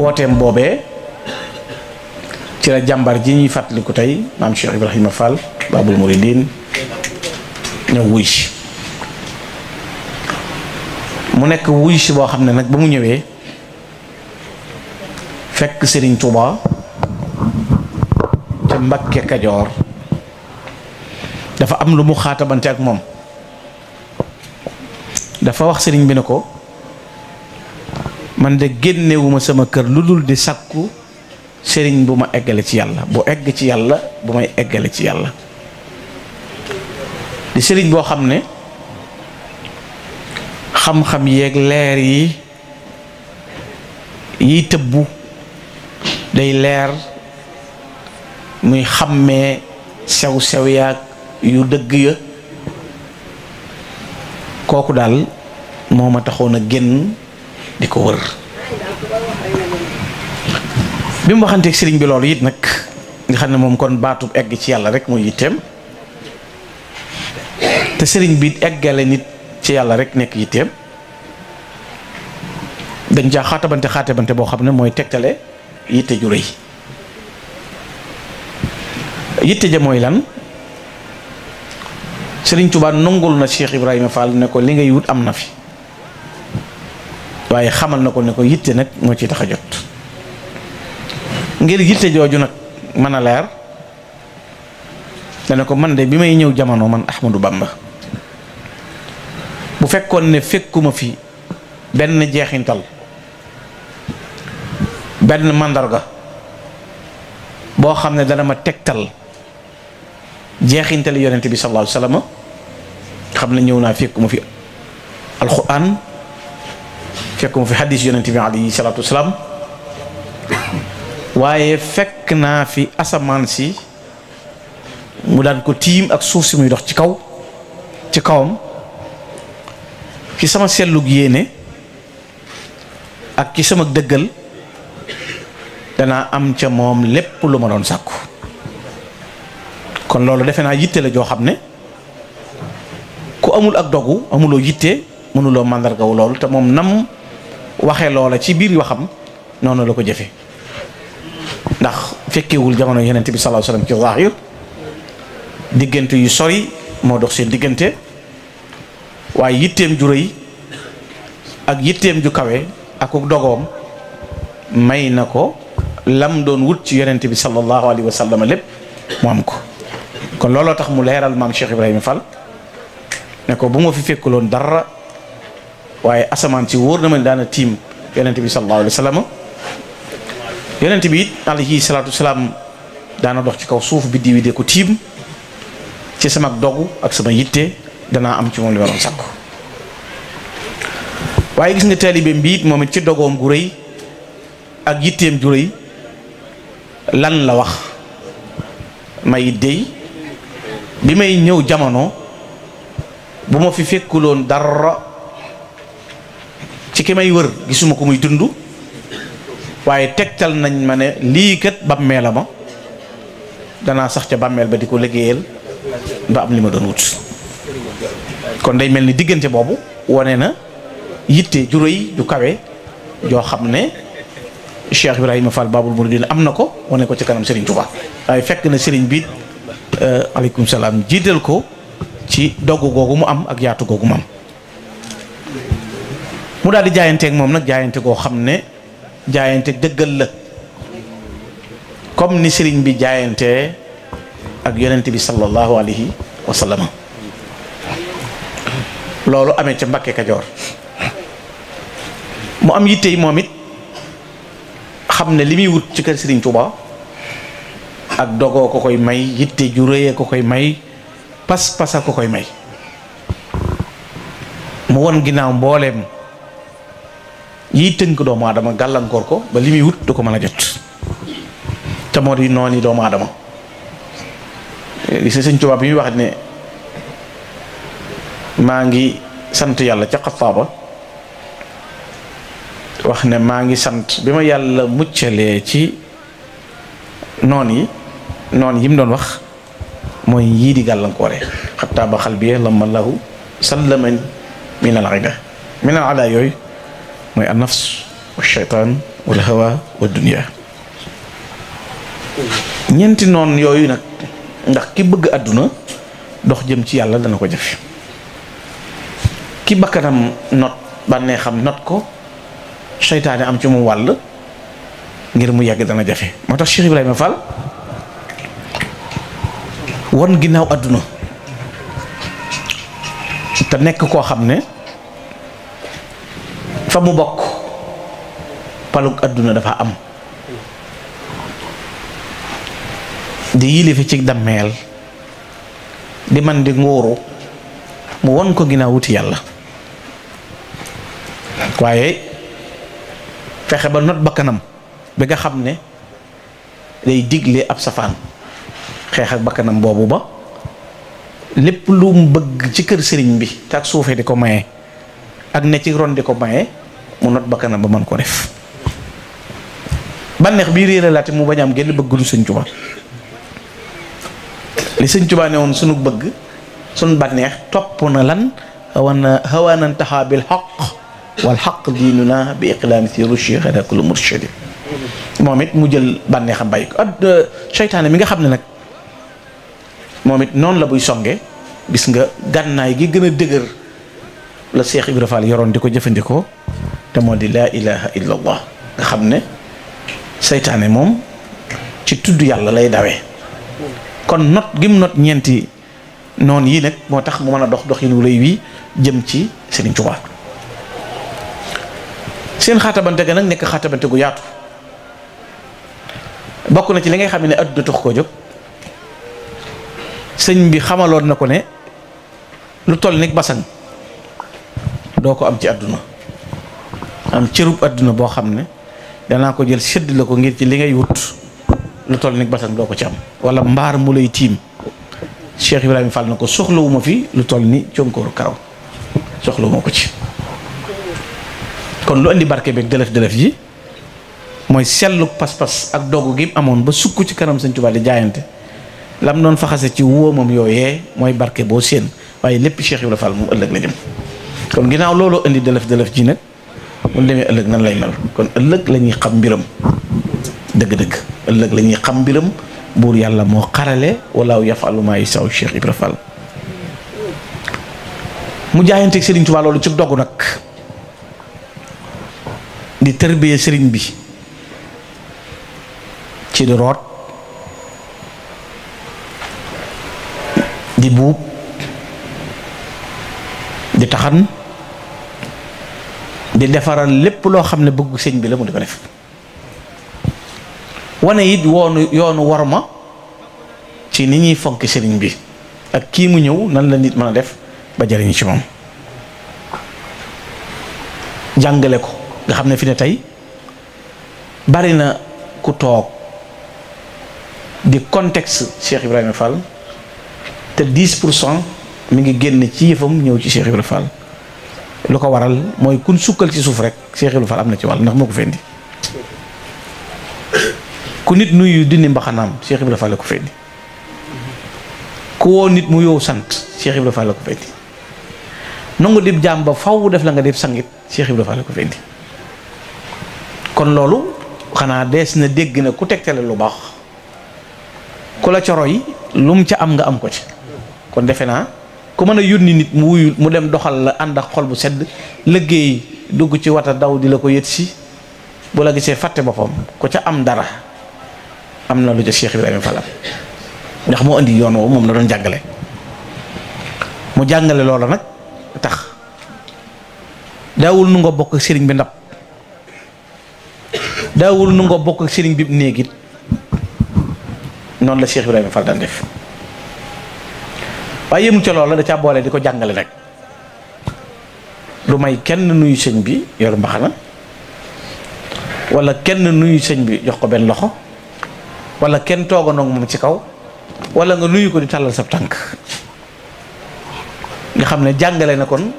wooteem boobee ci la jàmbar ji ñuy fàttaliku tey maam Cheikh Ibrahima Fall Babul Mouridine ñëw wuy mu nekk wuy si boo xam ne nag ba mu ñëwee fekk sëriñ Touba ca Mbakke Kajoor dafa am lu mu xaatabante ak moom dafa wax Serigne bi ne ko. man de génnewuma sama kër lu dul di sakku sëriñ bu ma eggale ci yàlla bu egg ci yàlla bu may eggale ci yàlla di sëriñ boo xam ne xam-xam yeeg leer yi yiy tëbbu day leer muy xàmmee sew-sew yaag yu dëgg ya kooku daal moo ma taxoon a génn di ko wër bi waxante sëriñ bi loolu it nag nga xam ne moom kon baatu egg ci yàlla rek mooy yitteem te sëriñ bi eggale nit ci yàlla rek nekk yitteem dañ caa xaatabante xaatabante boo xam ne mooy tegtale yitte ju rëy yitte ja mooy lan sëriñ Tuubaa nongul na Cheikh Ibrahima Fall ne ko li ngay wut am na fi waaye xamal na ko ne ko yitte nag moo ci tax a jot ngir yitte jooju nag mën a leer dana ko man de bi may ñëw jamono man Ahmadou Bamba bu fekkoon ne fekkuma fi benn jeexintal benn màndarga boo xam ne dana ma tegtal jeexintal yonent bi sallallahu alayhi wasallam xam ne ñëw naa fekkuma fi alquran fekkuma fi hadis yonent bi alayhi salatu wasalaam waaye fekk naa fi asamaan si mu daan ko tiim ak suuf si muy dox ci kaw ci kawam ci sama setlug yéene ak ci sama dëggal danaa am ca moom lépp lu ma doon sàkku kon loolu defe naa yitte la joo xam ne ku amul ak dogu amuloo yitte mënuloo màndargawu loolu te moom nam waxe loola ci biir waxam noonu la ko jëfe ndax fekkewul jamono yenent bi sallallahu alayhi wasallam ci zahir diggante yu sori moo dox seen diggante waaye yitteem ju rëy ak yitteem ju kawe ak dogoom may na ko lam doon wut ci yenent bi sallallahu alayhi wasallam lépp mu am ko kon looloo tax mu leeral maam Cheikh Ibrahima Fall ne ko bu ma fi fekkuloon dara waaye asamaan si wóor na ma ne daana tiim yenent bi sallallahu alayhi wasallam yonent bi it alayhi salaatu salaam daana dox ci kaw suuf bi di de ko tiim ci sama dogu ak sama yitte danaa am ci moom li ma waaye gis nga taalibeem bi moom it ci dogoom gu rëy ak yitteem ju rëy lan la wax may dey bi may ñëw jamono bu ma fi fekkuloon dara ci ki may wër gisuma ko muy dund waaye tegtal nañ ma ne lii kat bàmmeela ma danaa sax ca bàmmeel ba di ko liggéeyal ba am li ma doon wut kon day mel ni diggante boobu wane na yitte ju rëy ju kawe joo xam ne Cheikh Ibrahima Fall Babul Mouridine am na ko wane ko ci kanam Serigne Touba waaye fekk na sëriñ bi euh, aleykum salaam jiital ko ci dogg googu mu am ak yaatu googu mu am mu daal di jaayanteeg moom nag jaayante goo xam ne. jaayante dëggal la comme ni sëriñ bi jaayante ak yonent bi sallallahu alayhi wa loolu amee ca mbakke Kajoor mu am yitte yi moom it xam ne li muy wut ci kër sëriñ Tuuba ak dogoo ko koy may yitte ju réyee ko koy may pas-pasa ko koy may mu won ginnaaw mbooleem yiy tënk doomu aadama gàllankoor ko ba li muy wut du ko mën a jot te moo di noonu doomu adama eh, li si wax ne maa ngi sant yàlla ca xafaaba wax ne maa ngi sant bi ma yàlla muccalee ci noon yi noon yi mu doon wax mooy yii di gàllankoore xataa ba xal bi lamma lahu sallamani min al ada min al ada yooyu mooy an nafs wa shaytaan wal hawa wa dunia ñeenti noon yooyu nag ndax ki bëgg àdduna dox jëm ci yàlla dana ko jafe ki bakkanam not bànnee xam not ko seytaane am ci mu wàll ngir mu yàgg dana jafe moo tax Cheikh Ibrahima Fall won ginnaaw àdduna te nekk koo xam ne fa mu bokk palug àdduna dafa am di yilifi ci dammeel di man di nguuru mu won ko ginnaaw wuti yàlla waaye fexe ba not bakkanam bi nga xam ne day digle ab safaan xeex ak bakkanam boobu ba lépp lu mu bëgg ci kër sëriñ bi te ak suufe di ko maye ak ne ci ron di ko maye mu not bakkanam ba man ko def bànneex bii réer laate mu bañ am genn bëggul sëñ Tuubaa li sëñ Tuubaa ne woon sunu bëgg suñ bànneex topp na lan wana hawanan taxa bil xaq wal xaq diinuna bi iqlaami si rushi xada kullu murshidi moom it mu jël bànneexam bàyyi ko ak euh, mi nga xam ne nag moom it noonu la buy songe gis nga gànnaay gi gën a dëgër la Cheikh Ibra Fall yoroon di ko jëfandikoo te moo di laa ilaha illa allah nga xam ne seytaane moom ci tudd yàlla lay dawee kon not gim not ñeenti noonu yii nag moo tax mu man a dox dox yin wu jëm ci Serigne Touba seen xaatabante ga nag nekk xaatabante gu yaatu bokk na ci li ngay xam ne adduna tax koo jóg sëñ bi xamaloon na ko ne lu toll ni basan doo ko am ci àdduna am cërub àdduna boo xam ne danaa ko jël sëdd la ko ngir ci li ngay wut lu toll ni batan doo ko ci am wala mbaar mu lay tiim Cheikh Ibrahima Fall na ko soxlawuma fi lu toll ni conkooru karaw soxlawuma ko ci kon lu indi barke beeg dëlëf dëlëf ji mooy sellu pas-pas ak dogg gi amoon ba sukk ci kanam Sëñ Tuubaa di jaayante lam doon faxase ci wóomam yooyee mooy barke boo séen waaye lépp Cheikh Ibrahima Fall moom ëllëg la kon ginnaaw looloo indi dëlëf delef ji nag mun demee ëllëg nan lay mel kon ëllëg lañuy xam mbiram dëgg-dëgg ëllëg la ñuy xam mbiram buur yàlla moo xarale walaaw yafalu maa yusaw Cheikh Ibra Fall mu jaayanteeg Serigne Touba loolu ci dogu nag di tërbiyee Serigne bi ci di root di buub di taxan di defaral lépp loo xam ne bëgg sëñ bi la mu di ko def wane it woonu yoonu war ma ci ni ñuy fonk sëriñ bi ak kii mu ñëw nan la nit mën a def ba jëriñu ci moom jàngale ko nga xam ne fi ne tey bari na ku toog di contexte Cheikh Ibrahima Fall te 10 pour cent mu ngi génn ci yëfam ñëw ci Cheikh Ibrahima Fall lu ko waral mooy kun sukkal ci suuf rek Cheikh Ibra Fall am na ci wàll ndax moo ko fendi ku nit nuyu dindi mbaxanaam Cheikh Ibra Fall la ko fendi ku nit mu yow sant Cheikh Ibra Fall faw def la nga def sangit Cheikh Ibra Fall la ko fendi kon loolu xanaa dees na dégg na ku tegtale lu baax ku la coro yi lu mu ca am nga am ko ci kon defe naa ku man a yónni nit mu wuyu mu dem doxal la ànd ak xol bu sedd liggéey dugg ci wata daw di la ko yët si bu la gisee fàtte boppam ku ca am dara am na lu ca Cheikh Ibrahima Fall ndax moo indi yoon woo moom la doon jàngale mu jàngale loola nag tax daawul nu nga bokk ak sëriñ bi ndab daawul nu nga bokk ak sëriñ bi néegit noonu la Cheikh Ibrahima Fall daan def waaye yëmu ca loola da caa boole di ko jàngale rek lu may kenn nuyu sëñ bi yor mbaxana wala kenn nuyu sëñ bi jox ko benn loxo wala kenn toogandoo moom ci kaw wala nga nuyu ko di tàllal sa tànk nga xam ne jàngale na kon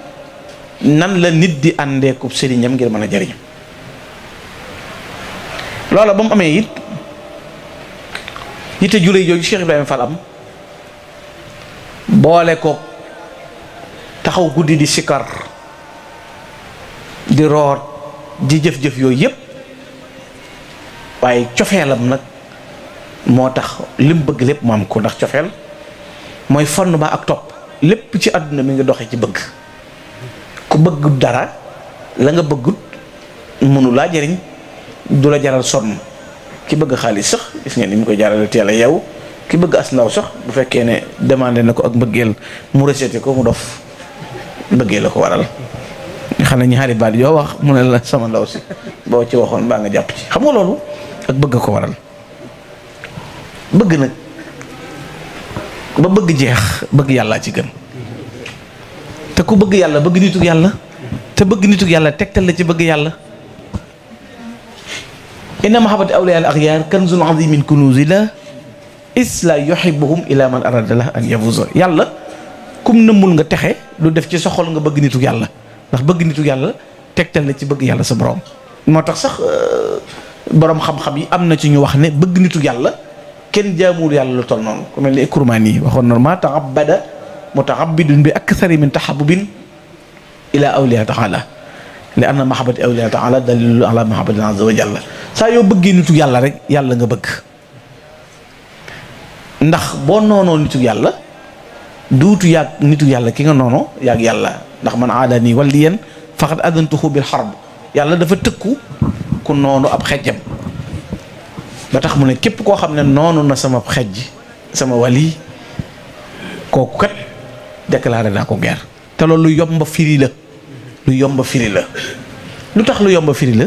nan la nit di àndeeku sëriñam ngir mën a jariñ loola ba mu amee it yitte jure jooju Cheikh Ibrahima Fall am boole ko taxaw guddi di sikar di roor di jëf-jëf yooyu yépp waaye cofeelam nag moo tax lim bëgg lépp mu am ko ndax cofeel mooy fonn ba ak topp lépp ci àdduna mi nga doxee ci bëgg ku bëggut dara la nga bëggut mënu laa jëriñ du la jaral sonn ki bëgg xaalis sax gis ngeen ni mu ko teel a ki bëgg as ndaw sax bu fekkee ne demandé na ko ak mbëggeel mu rejeté ko mu dof mbëggeel la ko waral nga xam ne ñaari baat yoo wax mu ne la sama ndaw si boo ci waxoon baa nga jàpp ci xam nga loolu ak bëgg ko waral bëgg nag ba bëgg jeex bëgg yàllaa ci gën te bëgg yàlla bëgg nituk yàlla te bëgg nituk yàlla tegtal la ci bëgg yàlla inna mahabbata awliyaa al la isla yuhibbuhum ila man aradalah an so yàlla kum nëmmul nga texe lu def ci sa xol nga bëgg nitu yàlla ndax bëgg nitu yàlla tegtal na ci bëgg yàlla sa borom moo tax sax euh, borom xam-xam yi am na ci ñu wax ne bëgg nitu yàlla kenn jaamuwul yàlla lu toll noonu ku mel ni Kurmaani waxoon na ma taxabada mutaxabidun bi ak aksari min taxabubin ila awliya taala li anna mahabbati awliya taala dalilu ala mahabbatin azza wa jalla saa yoo bëggee nitu yàlla rek yàlla nga bëgg ndax boo noonoo nitu yàlla duutu yàgg nitu yàlla ki nga noonoo yàgg yàlla ndax man aadani waliyan faqad adantuhu bil harb yàlla dafa tëkku ku noonu ab xejjam ba tax mu ne képp koo xam ne noonu na sama xejj sama wali kooku kat déclaré naa ko ger te loolu lu yomba firi la lu yomba firi la lu tax lu yomba firi la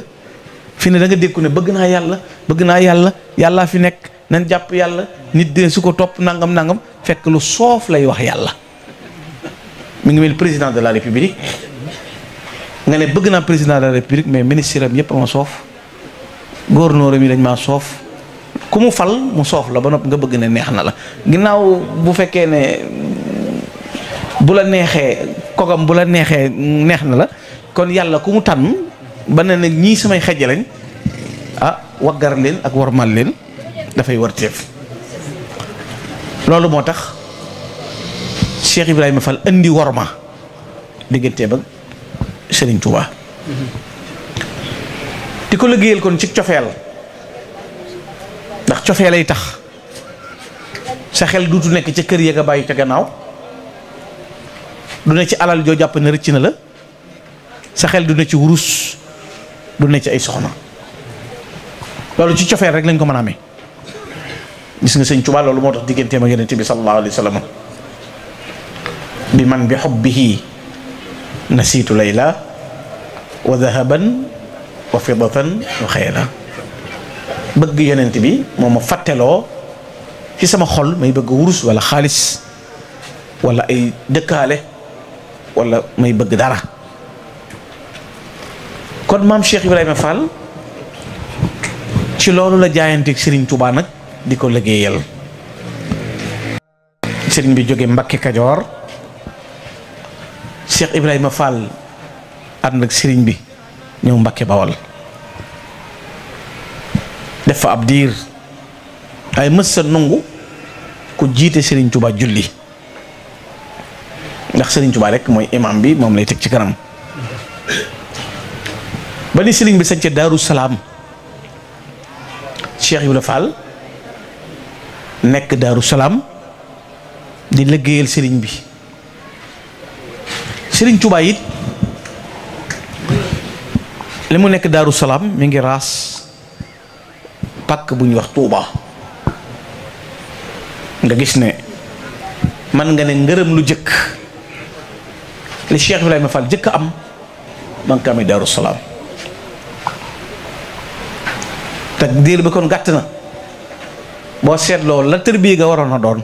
fi ne da nga dékku ne bëgg naa yàlla bëgg naa yàlla yàllaa fi nekk nañ japp yalla nit de suko top nangam nangam fekk lu soof lay wax yalla mi ngi mel président de la république nga ne bëgg na président de la république mais ministère am yépp ma soof gouverneur mi lañ ma soof kumu fal mu soof la ba nopp nga bëgg ne neex na la ginnaaw bu fekke ne bu la nexé kogam bu la nexé neex na la kon yalla kumu tan ba ne samay xejje lañ ah wagar leen ak wormal leen dafay war teef loolu moo tax Cheikh Ibrahima Fall indi worma diggante ba Serigne Touba di ko liggéeyal kon ci cofeel ndax cofeelay tax sa xel duutu nekk ca kër ya nga bàyyi ca gannaaw du ne ci alal joo jàpp ne rëcc na la sa xel du ne ci wurus du ne ci ay soxna loolu ci cofeel rek lañ ko mën a amee gis nga sëñ Tuubaa loolu moo tax digganteem ak yonent bi sallallahu alayhi wa bi man bi xubbihi nasiitu layla wa dahaban wa fiddatan wa xayla bëgg yonent bi moo ma fàtteloo ci sama xol may bëgg wurus walla xaalis walla ay dëkkaale walla may bëgg dara kon maam Cheikh Ibrahima Fall ci loolu la jaayanteeg Serigne Touba nag. di ko liggéeyal sëriñ bi jóge Mbakke kadior Cheikh Ibrahima Fall and ak sëriñ bi ñew Mbakke Bawol def fa ab diir ay kujite sering nungu ku jité sëriñ touba julli ndax sëriñ touba rek moy imam bi mom lay tek ci kanam ba ni sëriñ bi sañce Daaru Cheikh Ibrahima Fall Nek ke Darussalam di liggéeyal sëriñ bi sëriñ Tuubaa it Lemu nek darussalam daaru salaam mi ngi raas pàkk bu ñuy wax Tuubaa nga gis ne man nga ne lu jëkk le Cheikh Ibrahima Fall jëkk am man kami Darussalam takdir salaam te bi kon na boo seetloo la tër bii nga waroon a doon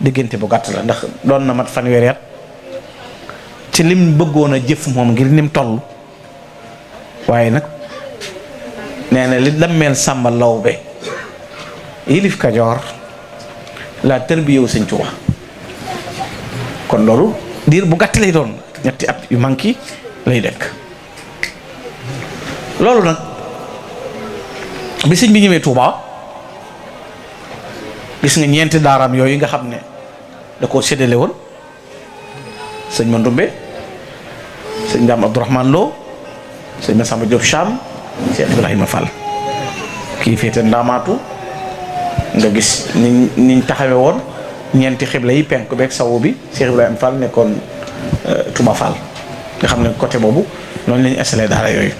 diggante bu gàtt la ndax doon na mat fanweeri at ci lim bëggoon a jëf moom ngir nim toll waaye nag nee li dammeel Sàmba Lawbe yilif Kajoor la tërbiyewu Sëñ Tuuba kon loolu diir bu gàtt lay doon ñetti at yu manki lay dekk loolu nag bi sëñ bi ñëwee Tuuba gis nga ñeenti daaraam yooyu nga xam ne da koo séddale woon sëñ Mandumbe sëñ Daam Abdourahman Lo sëñ Massamba Diop Cham sëñ Ibrahima Fall kii féete ndaamaatu nga gis niñ niñ taxawee woon ñeenti xibla yi penk beeg sawu bi Cheikh Ibrahima Fall nekkoon euh, Touba Fall nga xam ne côté boobu noonu lañu installé daara yooyu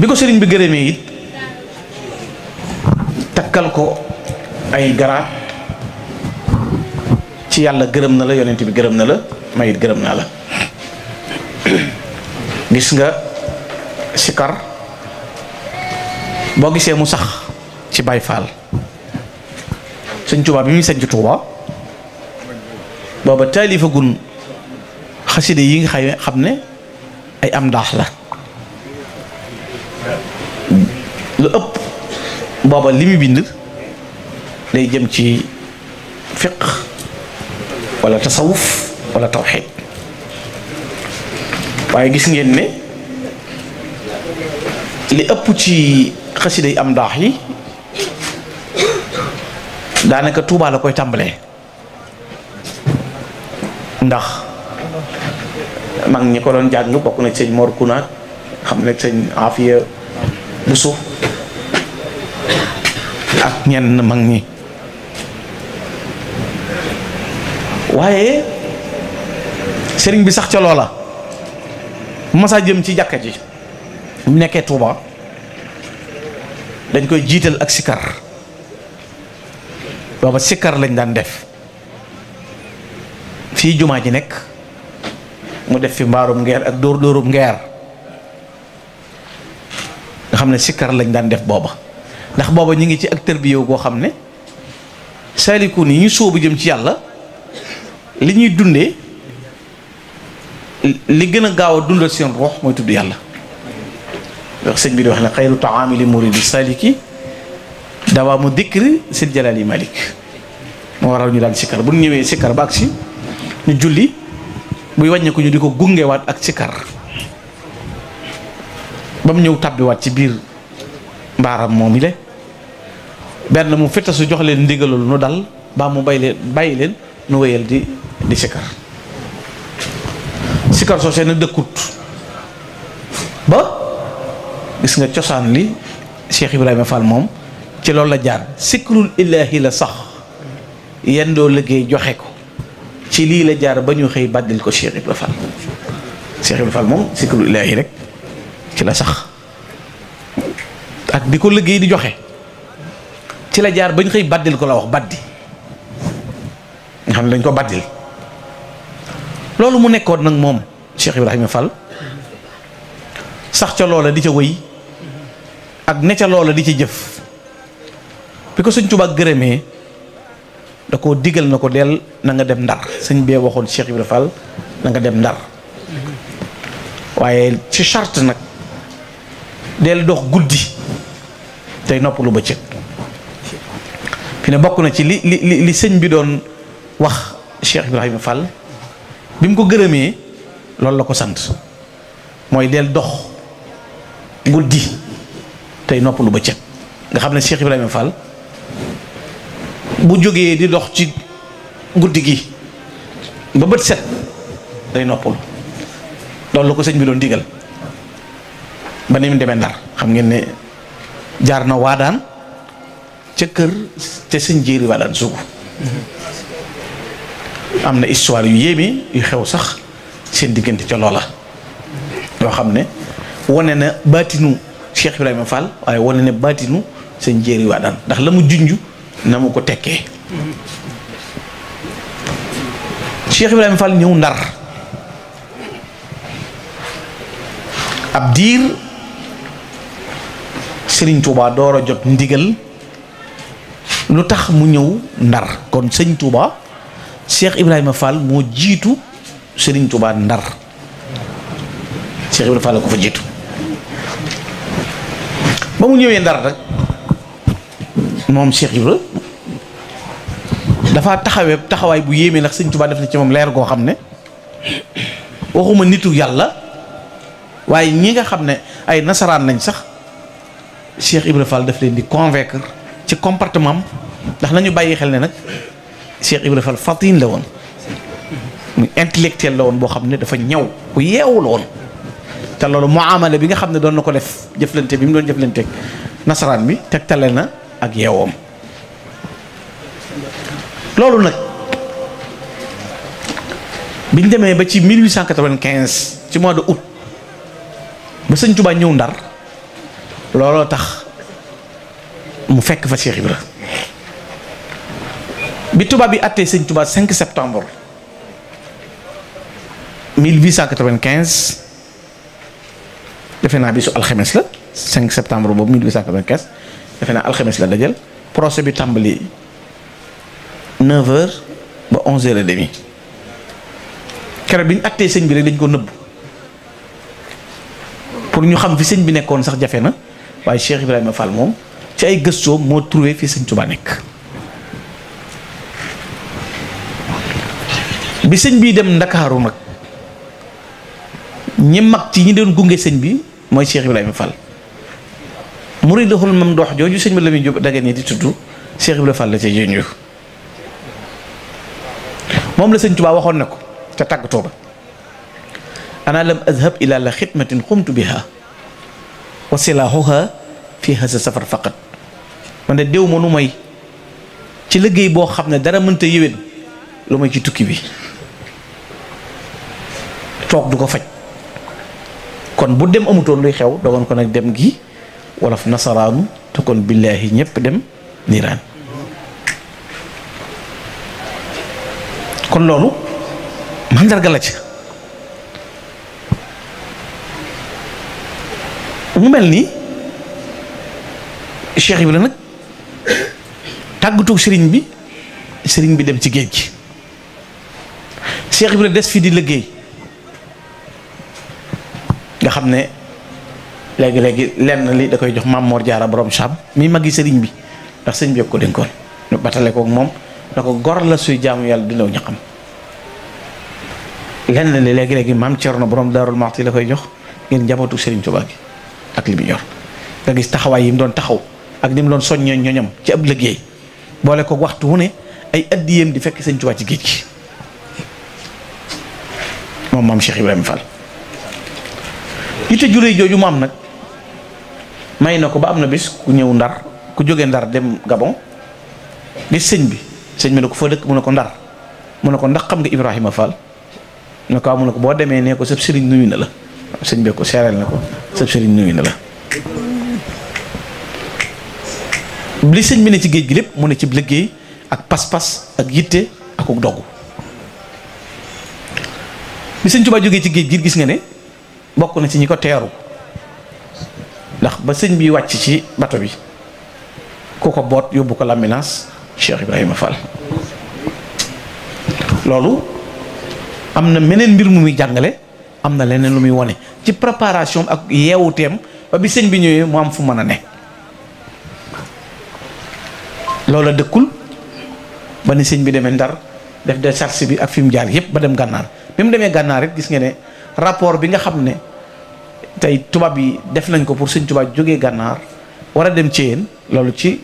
bi ko sëriñ bi gërëmee it takkal ko ay garaat ci yàlla gërëm na la yonent bi gërëm na la mayit gërëm naa la gis nga sikar boo gisee mu sax ci Baay Faal sëñ Tuubaa bi muy sëñ ci booba taalifagun xaside yi nga xam ne ay am ndaax la lu ëpp booba limi bind lay jëm ci fiq wala tasawuf wala tawxid waaye gis ngeen ne li ëpp ci xasida yi am daax yi daanaka Tuubaa la koy tàmbalee ndax mag ñi ko doon jàng bokk na sëñ Mor Kunaat xam ne sëñ Afiya Buso ak ñenn mag ñi waaye sëriñ bi sax ca la masaa jëm ci jàkka ji mu nekkee Touba dañ koy jiital ak sikar booba sikar lañ daan def fii jumaa ji nekk mu def fi mbaarum ngeer ak dóor dóorum ngeer nga xam ne sikar lañ daan def booba ndax bobu ñi ngi ci ak tërbiya go xam ne saalikuun yi ñu soobu jëm ci yalla li ñuy dundé li gëna gaaw dundal seen roh moy tuddu yalla wax señ bi di wax ne khayru ta'amil li saliki dawa mu dikri seen malik mo waral ñu daan sikkar bu ñu ñëwee sikkar ba agsi ñu julli wañé ko ñu di ko wat ak sikkar bam ñew tabbi wat ci bir mbaram momi le benn mu su jox leen ndigalul nu dal baa mu bay leen bàyyi leen nu wéyal di di sikkar sikkar soosee na dëkkut ba gis nga cosaan li Cheikh Ibrahima Fall moom ci loolu la jaar sikrul ilaahi la sax yenn doo liggéey joxe ko ci lii la jaar ba ñu xëy bàddil ko Cheikh Ibrahima Fall Cheikh Ibrahima Fall moom sikrul ilaahi rek ci la sax ak di ko liggéey di joxe ci la jaar bañ xey badil ko la wax badi xam lañ ko badil lolou mu nekkon nak mom Cheikh ibrahim Fall sax ca loola di ca wëy ak ne ca loola di ci jëf biko ko touba Tuubaa da ko del na nga dem ndar sëñ bee waxon Cheikh ibrahim Fall na nga dem ndar ci charte nak del dox guddii tay nopp lu fi ne bokk na ci li li li sëñ bi doon wax Cheikh Ibrahima fal bi mu ko gërëmee loolu la ko sant mooy del dox guddi tey noppalu bëccëg nga xam ne Cheikh Ibrahima fal bu jógee di dox ci guddi gi ba bët set day noppalu loolu la ko sëñ bi doon digal ba ni mu demee ndar xam ngeen ne jaar na waa daan ca kër te sëñ jéeri walaan sugu am na histoire yu yéeme yu xew sax seen diggante ca loola yoo xam ne wane na baatinu Cheikh Ibrahima Fall waaye wane na baatinu sëñ jéeri walaan ndax la mu junju na mu ko tekkee Cheikh Ibrahima Fall ñëw ndar ab diir Sëriñ Tuubaa door a jot ndigal lu tax mu ñëw ndar kon sëñ Touba Cheikh Ibrahima Fall moo jiitu Serigne Touba ndar Cheikh Ibrahima Fall ko fa jiitu ba mu ñëwee ndar rek moom Cheikh Ibrahima dafa taxawee taxawaay bu yéemee ndax sëñ Touba def na ci moom leer goo xam ne waxuma nitu yàlla waaye ñi nga xam ne ay nasaraan lañ sax Cheikh Ibrahima Fall daf leen di convaincre. ci comportement ndax nañu bàyyi xel ne nag Cheikh Ibra Fall fatin la woon muy intellectuel la woon boo xam ne dafa ñaw ku yeewu la woon te loolu muamala bi nga xam ne doon na ko def jëflante bi mu doon jëflanteeg nasaraan bi teg tale na ak yeewoom loolu nag biñ demee ba ci 1895 ci mois de août ba sëñ Tuubaa ñëw ndar looloo tax mu fekk fa Cheikh Ibra bi tubaab bi atté seigne Tuubaa 5 septembre 1895 defe naa bisu alxames la 5 septembre bob 1895 defe naa alxames la dajal procès bi tàmbali 9 h ba 11 h kéré kere keroog atté seigne bi rek dañ ko neub pour ñu xam fi seigne bi nekkon sax jafe na waye Cheikh Ibrahima Fall mom ci ay gëstoom moo trouvé fii sëñ Tuubaa nekk bi sëñ bii dem ndakaaru nag ñi mag ci ñi doon gunge sëñ bi mooy Cheikh Ibrahima Fall murid doxul mam dox jooju sëñ bi la muy jóg dagane di tudd Cheikh Ibrahima Fall la ca jënju moom la sëñ Tuubaa waxoon na ko ca tàggatoo ba ana lam azhab ila la xidmatin xumtu biha wa silaahuha fii hasa safar faqat man déw ma nu may ci liggéey boo xam ne dara mënta yéwén lu may ci tukki bi toog du ko faj kon bu dem amutoon luy xew dogoon ko nag dem gi wolof nasaraanu te kon billaahi ñépp dem niiraan kon loolu màndarga la ca mu mel nii bi la nag tàggatoog sëriñ bi sëriñ bi dem ci géej gi bi Ibra des fi di liggéey nga xam ne léegi léegi lenn li da koy jox Maam Mor Jaara borom Saam mi magi sëriñ bi ndax sëriñ bi ko dénkoon nu batale koog moom da ko gor la suy jaamu yàlla du néew ñaxam lenn li léegi léegi Maam Cerno boroom Daarul Muxti la koy jox ngeen njabootu sëriñ Tuubaa gi ak li mu yor nga gis taxawaay yi doon taxaw. ak ni mu doon soññee ñoñam ci ab liggéey boole ko waxtu wu ne ay addiyam di fekk sëñ Tuubaa ci géej gi moom maam Cheikh Ibrahima Fall yitte juréy jooju mu am nag may na ko ba am na bis ku ñëw ndar ku jóge ndar dem Gabon gis sëñ bi sëñ bi ne ko foo dëkk mu ne ko ndar mu ne ko ndax xam nga Ibrahima Fall mu ne ko mu ne ko boo demee nee ko sëb sëriñ nuyu na la sëñ bee ko seereel na ko sëb sëriñ nuyu na la li señ mi ne ci geej gi lepp mu ne ci liggey ak pas-pas ak yitte ak ak dogu bi señ tuba joge ci geej gi gis nga ne bokku na ci ñiko ko teeru ndax ba señ bi wacc ci bato bi ku ko boot yóbbu ko laminaas Cheikh ibrahim Fall lolu amna menen mbir mu mi jangale amna lenen lu mi woné ci préparation ak yewutem ba bi señ bi ñëwee mu am fu mëna loola dëkkul ba ni sëñ bi demee ndar def décharge bi ak fi mu jaar yëpp ba dem gànnaar bi mu demee gànnaar gis nga ne rapport bi nga xam ne tey tubaab yi def nañ ko pour sëñ tubaab jógee gànnaar war a dem ci yéen loolu ci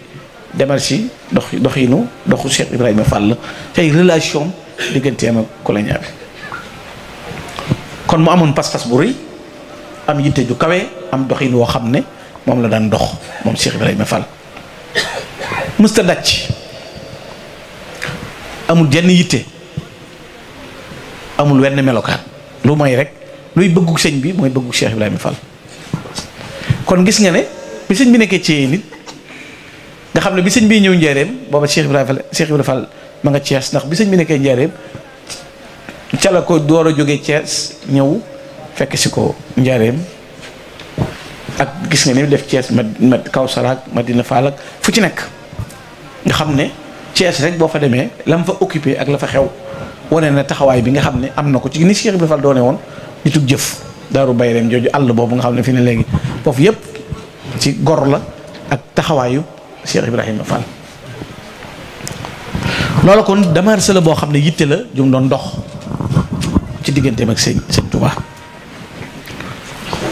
demal si dox doxinu doxu Cheikh Ibrahima Fall tey relation digganteem ak colonia bi kon mu amoon pas-pas bu rëy am yitte ju kawe am doxin woo xam ne moom la daan dox moom Cheikh Ibrahima Fall musta dacc amul jenn yitte amul wenn melokan lu mooy rek luy beugug señ bi moy beugug Cheikh ibrahim Fall kon gis nga ne bi señ bi nekk ci nit nga xamne bi señ bi ñew njaareem booba Cheikh ibrahim Fall Cheikh ibrahim Fall ma nga Thiès nak bi señ bi nekk njaareem ci la ko dooro joge jógee Thiès fekk ci ko njaareem ak gis nga ne def Thiès ma ma Madina Fall ak fu ci nekk nga xam ne Thiès rek boo fa demee la mu fa occupé ak la fa xew wone na taxawaay bi nga xam ne am na ko ci ni Cheikh Ibrahima Fall doone woon di jëf daaru bayreem jooju àll boobu nga xam ne fi ne léegi foofu yëpp ci gor la ak taxawaayu Cheikh Ibrahima Fall loolu kon démarche la boo xam ne yitte la jum doon dox ci digganteem ak sëñ sëñ Touba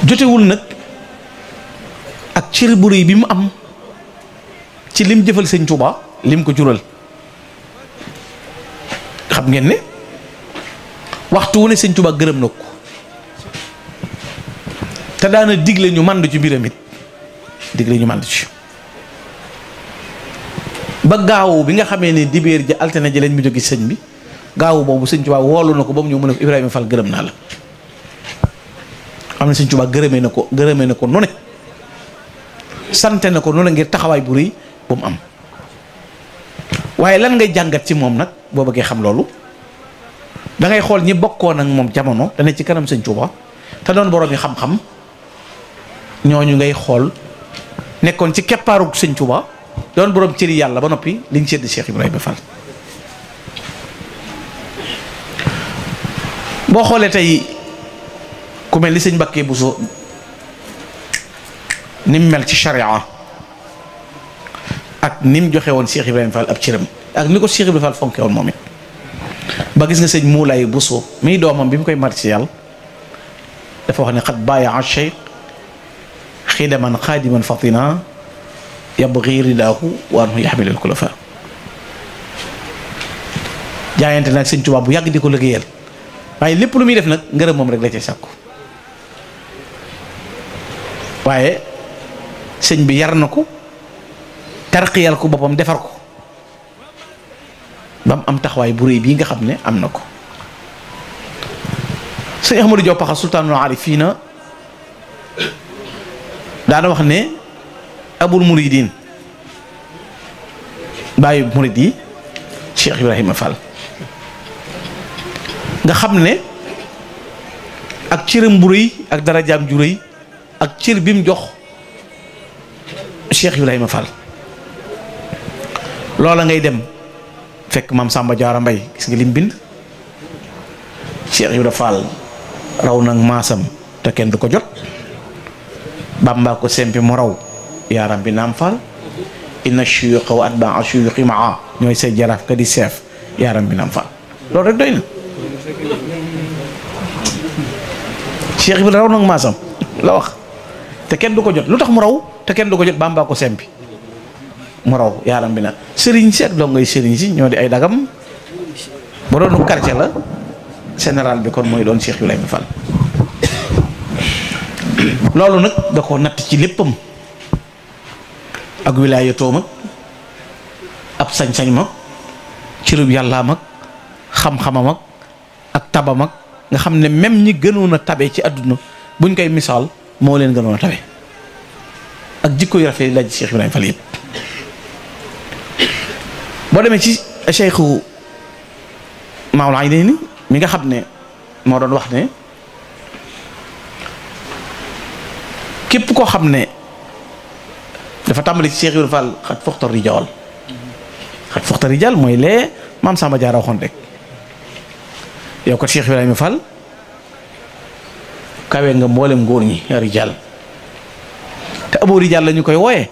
jotewul nag ak cër bu rëy bi mu am ci lim jëfal sëñ Touba lim ko jural xam ngeen ni waxtu wu ne sëñ Touba gërëm na ko te daana digle ñu màndu ci mbiram it digle ñu màndu ci ba gaawu bi nga xamee ne dibéer ji altine ji lañ mu jóge sëñ bi gaawu boobu sëñ Touba woolu na ko ba mu ñëw mu ko Ibrahima Fall gërëm naa la am na sëñ Touba gërëmee na ko gërëmee na ko nu ne sante na ko noonu ngir taxawaay bu rëy bu mu am waaye lan ngay jàngat ci moom nag boo bëggee xam loolu dangay xool ñi bokkoon ak moom jamono dana ci kanam sëñ Tuuba te doon boroom yi xam-xam ñooñu ngay xool nekkoon ci keppaarug sëñ Tuuba doon borom cëri yàlla ba noppi liñ sedd Cheikh Ibrahima Fall. boo xoolee tey ku mel ni sëñ Mbakke bu so mu mel ci charia ak ni mu joxewoon woon Cheikh Ibrahima Fall ab cëram ak ni ko Cheikh Ibrahima Fall moom it ba gis nga sëñ Moulay Bousso mii doomam bi mu koy marti yàlla dafa wax ne xat bàyya a cheikh xidaman xaadiman fatina yabgi ridaahu wa anhu yaxmilul kulafa jaayante nag sëñ Tuubaa bu yàgg di ko liggéeyal waaye lépp lu muy def nag ngërëm moom rek la cay sàkku waaye sëñ bi yar na ko tarqiyal ko boppam defar ko ba mu am taxawaay bu réy bii nga xam ne am na ko sëñ Ahmadou Diop Paxa sultaanul aarifiina daana wax ne abul muridin bàyyi murid yi Cheikh Ibrahima Fall nga xam ne ak cëram bu réy ak darajaam ju ak cër bi mu jox Cheikh Ibrahima Fall loola ngay dem fekk maam sàmba Diarra Mbaye gis nga lim bind Cheikh Ibra Fall raw nag maasam te kenn du ko jot Bàmba ko sempi mu raw yaaram bi naam Fall inna suyuqa wa atbaa a maa ñooy say jaraaf ka di seef yaaram bi naam Fall loolu rek doy na Cheikh Ibra raw nag maasam la wax te kenn du ko jot lu tax mu raw te kenn du ko jot Bàmba ko sempi mu raw yaaram bi na sëriñ si ak dongay sëriñ si ñoo di ay dagam bu doonu quartier la général bi kon mooy doon Cheikh Ibrahima Fall loolu nag da ko natt ci léppam ak wilaayatoom ak ab sañ-sañ mag cirub yàllaam ak xam-xamam ak ak tabam ak nga xam ne même ñi gënoon a tabe ci àdduna buñ koy misaal moo leen gënoon a tabe ak jikko yu rafet yi laaj Cheikh Ibrahima Fall yëpp boo demee ci cheikhu maamul ay ni mi nga xam ne moo doon wax ne képp koo xam ne dafa tàmbali ci Cheikh Ibrahima xat foxtar rijal xat foxtar rijal mooy lee maam Samba Jaara waxoon rek yow kat Cheikh Ibrahima Fall kawe nga mboolem góor ñi rijal te aboo rijal la ñu koy wooye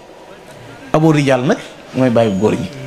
aboo rijal nag mooy bàyyi góor ñi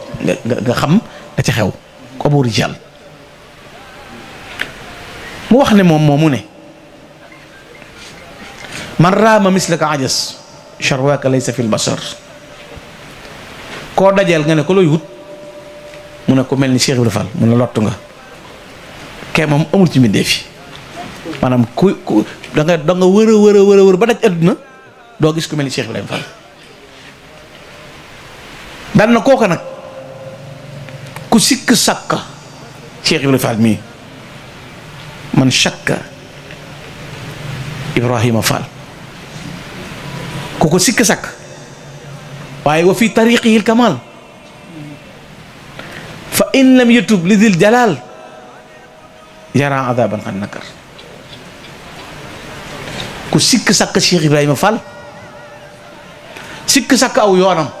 nga nga xam da ci xew ko abu rijal mu wax ne mom momu ne man raama mislaka ajas sharwaaka laysa fil basar ko dajel nga ne ko looy wut mu ne ko melni ni Cheikh Ibrahima Fall mu ne lotu nga ke mom amul ci mbindee fi manam ku da nga da nga wëre wëre wëre wëre ba daj aduna do gis ku melni Cheikh Fall na ku sikk sakka Cheikh Ibrahima Fall mii man sakka Ibrahima Fall ku ko sikk sakk waaye wa fi tariqihi al-kamal fa in lam yatub li dil jalal yara adaban an nakar ku sikk sakk Cheikh Ibrahima Fall sikk sakk aw yoonam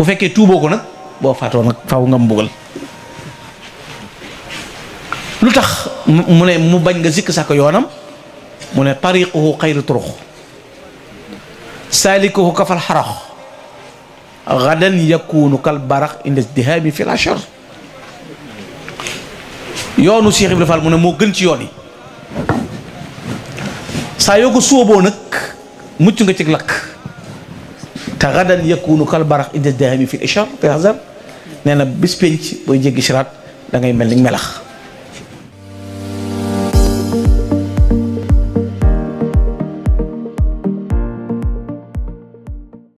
bu fekkee tuuboo ko nag boo faatoo nag faw nga mbugal lu tax mu ne mu bañ nga sikk sàkk yoonam mu ne tariquhu xayru turux saalikuhu kafal xarax gadan yakunu kal barax inda dihaami fi lashar yoonu Cheikh Ibrahima Fall mu ne moo gën ci yoon yi saa yoo ko sóoboo nag mucc nga ci lakk te gadan yakunu kal barax inda dihaami fi lashar fi lashar nee na bis pénc booy jéggi siraat rat dangay mel ni melax